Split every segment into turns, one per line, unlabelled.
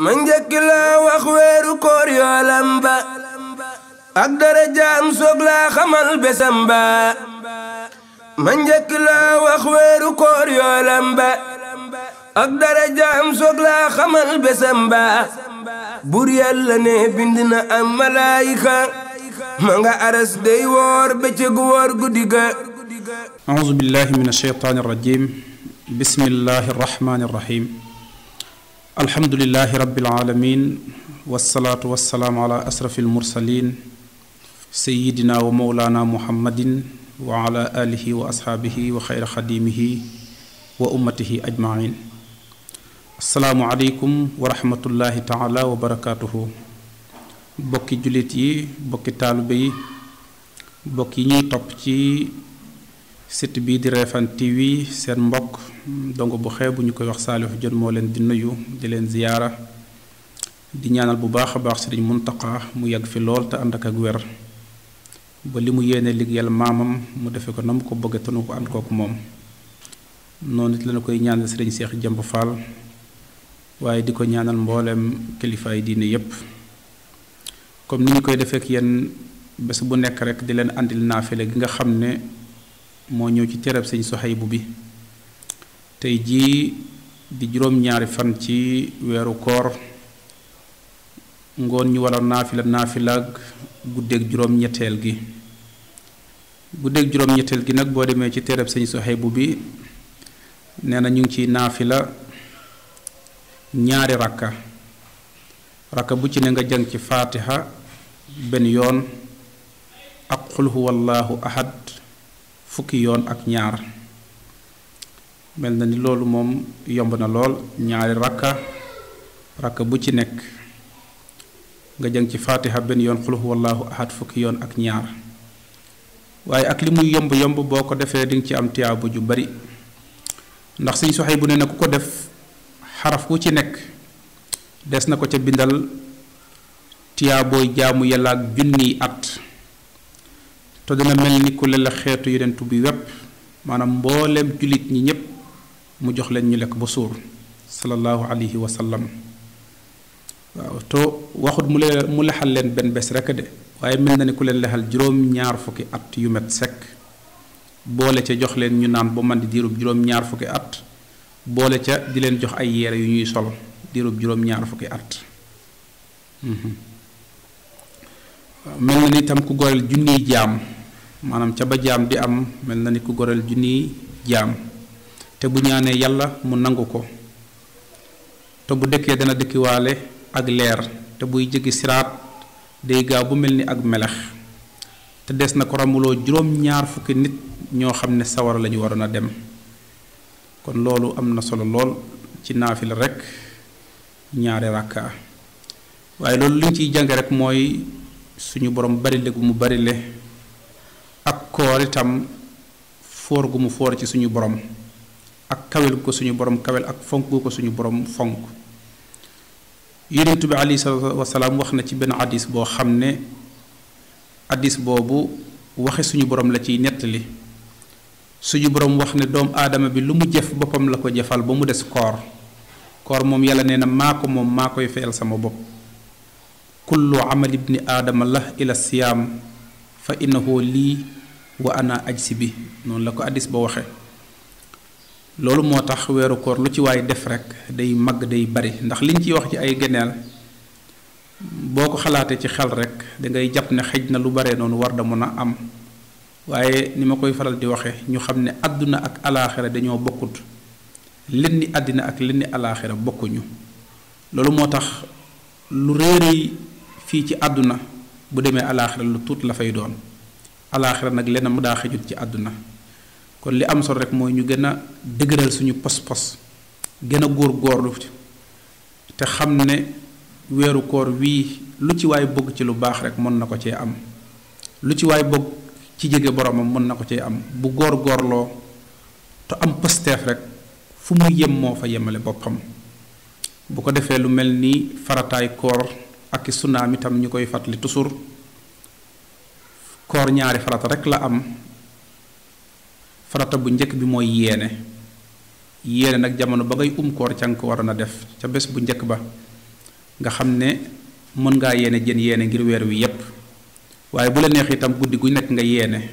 من جاك لا واخوير كوريا لمبا اقدر جام سوق لا خمل بسمبا من جاك لا واخوير كوريا لمبا اقدر جام سوق لا خمل بسمبا بوريا لني بندنا ام ملايكه مانغا ارس دي وور بيتي وور غوديغا
اعوذ بالله من الشيطان الرجيم بسم الله الرحمن الرحيم الحمد لله رب العالمين والصلاة والسلام على أسرف المرسلين سيدنا ومولانا محمد وعلى آله وأصحابه وخير خديمه وأمته أجمعين السلام عليكم ورحمة الله تعالى وبركاته بكي جلتي بكي تالبي بكي ني site bii di Refane TV seen mbokk donc bu xew bu ñu koy wax Saliou jot moo leen di nuyu di leen ziyaara di ñaanal bu baax a baax Sëriñ Muntaqa mu yàgg fi lool te ànd ak ak wér ba li mu yéene liggéeyal maamam mu defe ko na mu ko bëgg tonu nu ko ànd kooku moom noonu it lañu koy ñaanal Sëriñ Seex Jëmb Faal waaye di ko ñaanal mbooleem kilifaay diine yépp comme ni ñu koy defee ak yéen bés bu nekk rek di leen àndil naafile gi nga xam ne moo ñëw ci tereb sëñ Sohaybu bi tey jii di juróom-ñaari fan ci weeru koor ngoon ñu wala naafila naafilaag guddeeg juróom-ñetteel gi guddeeg juróom-ñetteel gi nag boo demee ci tereb sañ Sohaybu bi nee na ñu ngi ciy naafila ñaari rakka rakka bu ci ne nga jàng ci faatiha benn yoon ak xul huwallaahu ahad fukki yoon ak ñaar mel na ni loolu moom yomb na lool ñaari rakka rakka bu ci nekk nga jëng ci fatiha benn yoon qul wallahu ahad fukki yoon ak ñaar waaye ak li muy yomb yomb boo ko defee di ci am tiyaabu ju bari ndax suñ soxay bu ne na ku ko def xaraf ku ci nekk des na ko bindal tiyaabooy jaamu yàlla ak junniy at te dina mel ni ku la xeetu yenentu bi wépp maanaam mboolem julit ñi ñépp mu jox leen ñu lekk ba suur sallallahu alayhi wa sallam waaw to waxut mu le mu lexal leen benn bés rek de waaye mel na ni ku leen lexal juróom ñaar fukki at yu met sekk boole ca jox leen ñu naan ba man di diirub juróom ñaar fukki at boole ca di leen jox ay yeere yu ñuy sol diirub juróom ñaar fukki at mel na ni tam ku goreel junniy jaam maanaam ca ba jaam di am mel na ni ku goreel junniy jaam te bu ñaanee yàlla mu nangu ko te bu dëkkee dana dëkkiwaale ak leer te buy jéggi siraat day gaaw bu mel ni ak melex te des na ko ramuloo juróom-ñaar fukki nit ñoo xam ne sawara lañu waroon a dem kon loolu am na solo lool ci naafila rekk ñaari ràkka waaye loolu li ñu ciy jànge rekk mooy suñu borom barile gu mu barile koor itam foor gu mu foor ci suñu boroom ak kawel ko suñu borom kawel ak fonk ko suñu boroom fonk yonent bi aleyhi salaatu wasalaam wax na ci benn addis boo xam ne addis boobu waxe suñu boroom la ciy nettali suñu boroom wax ne doomu aadama bi lu mu jëf boppam la ko jëfal ba mu des koor koor moom yàlla nee na maa ko moom maa koy feyal sama bopp kullu amali ibni aadama la ila siyaam fa innahu lii wa ana aj bi noonu la ko addis ba waxe loolu moo tax weeru koor lu ci waay def rek day màgg day bari ndax liñ ciy wax ci ay geneel boo ko xalaatee ci xel rek dangay jàpp ne xej na lu bare noonu war da mën a am waaye ni ma koy faral di waxe ñu xam ne àdduna ak alaaxira dañoo bokkut lenn àddina ak lenni alaaxira bokkuñu loolu moo tax lu réeréy fii ci àdduna bu demee alaaxira lu tuut la fay doon alaaxira nag lenn mu daa xejut ci àdduna kon li am solo rek mooy ñu gën a dëgëral suñu pos-pos gën a góor góorlu te xam ne weeru koor wii lu ci waay bëgg ci lu baax rek mën na ko cee am lu ci waay bëgg ci jege boromam mën na ko cee am bu góor góorloo te am pësteef rek fu mu yem moo fa yemale boppam bu ko defee lu mel ni farataay koor ak i sunaam itam ñu koy fàttali toujours koor ñaari farata rek la am farata bu njëkk bi mooy yéene yéene nag jamono ba ngay um koor ca ko waroon def ca bés bu njëkk ba nga xam ne mën ngaa yéene jën yéene ngir weer wi yépp waaye bu la neex itam guddi gu nekk nga yéene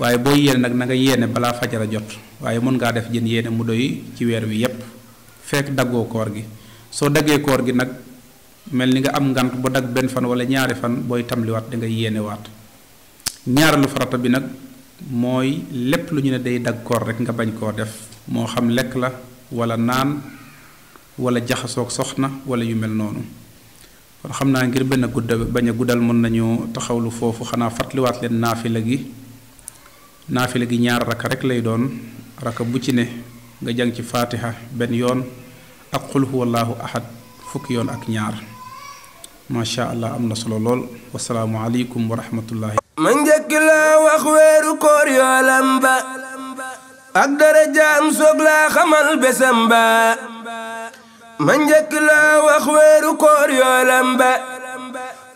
waaye boo yéene nag na nga yéene balaa fajara jot waaye mën ngaa def jën yéene mu doy ci weer wi yépp fekk daggoo koor gi soo daggee koor gi nag mel ni nga am ngant bu dag benn fan wala ñaari fan booy tamliwaat da nga yéenewaat ñaareelu farata bi nag mooy lépp lu ñu ne day dagg rek nga bañ koo def moo xam lekk la wala naan wala jaxasoog soxna wala yu mel noonu kon xam naa ngir benn gudda bañ a guddal mën nañu taxawlu foofu xanaa fàttaliwaat leen naafila gi naafila gi ñaar raka rek lay doon raka bu ci ne nga jàng ci fatiha benn yoon ak xul huwallaahu ahad fukki yoon ak ñaar macha allah am na solo lool wasalaamualeykum wa rahmatullahi
ma njëkk laa wax weeru koor yoolam ba ak darajaam soog xamal besam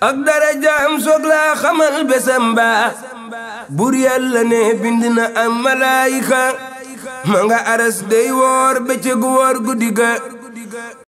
ak darajaam soog xamal besam bur yàlla ne bind na malaayika ma aras day woor bëccëgu woor guddi ga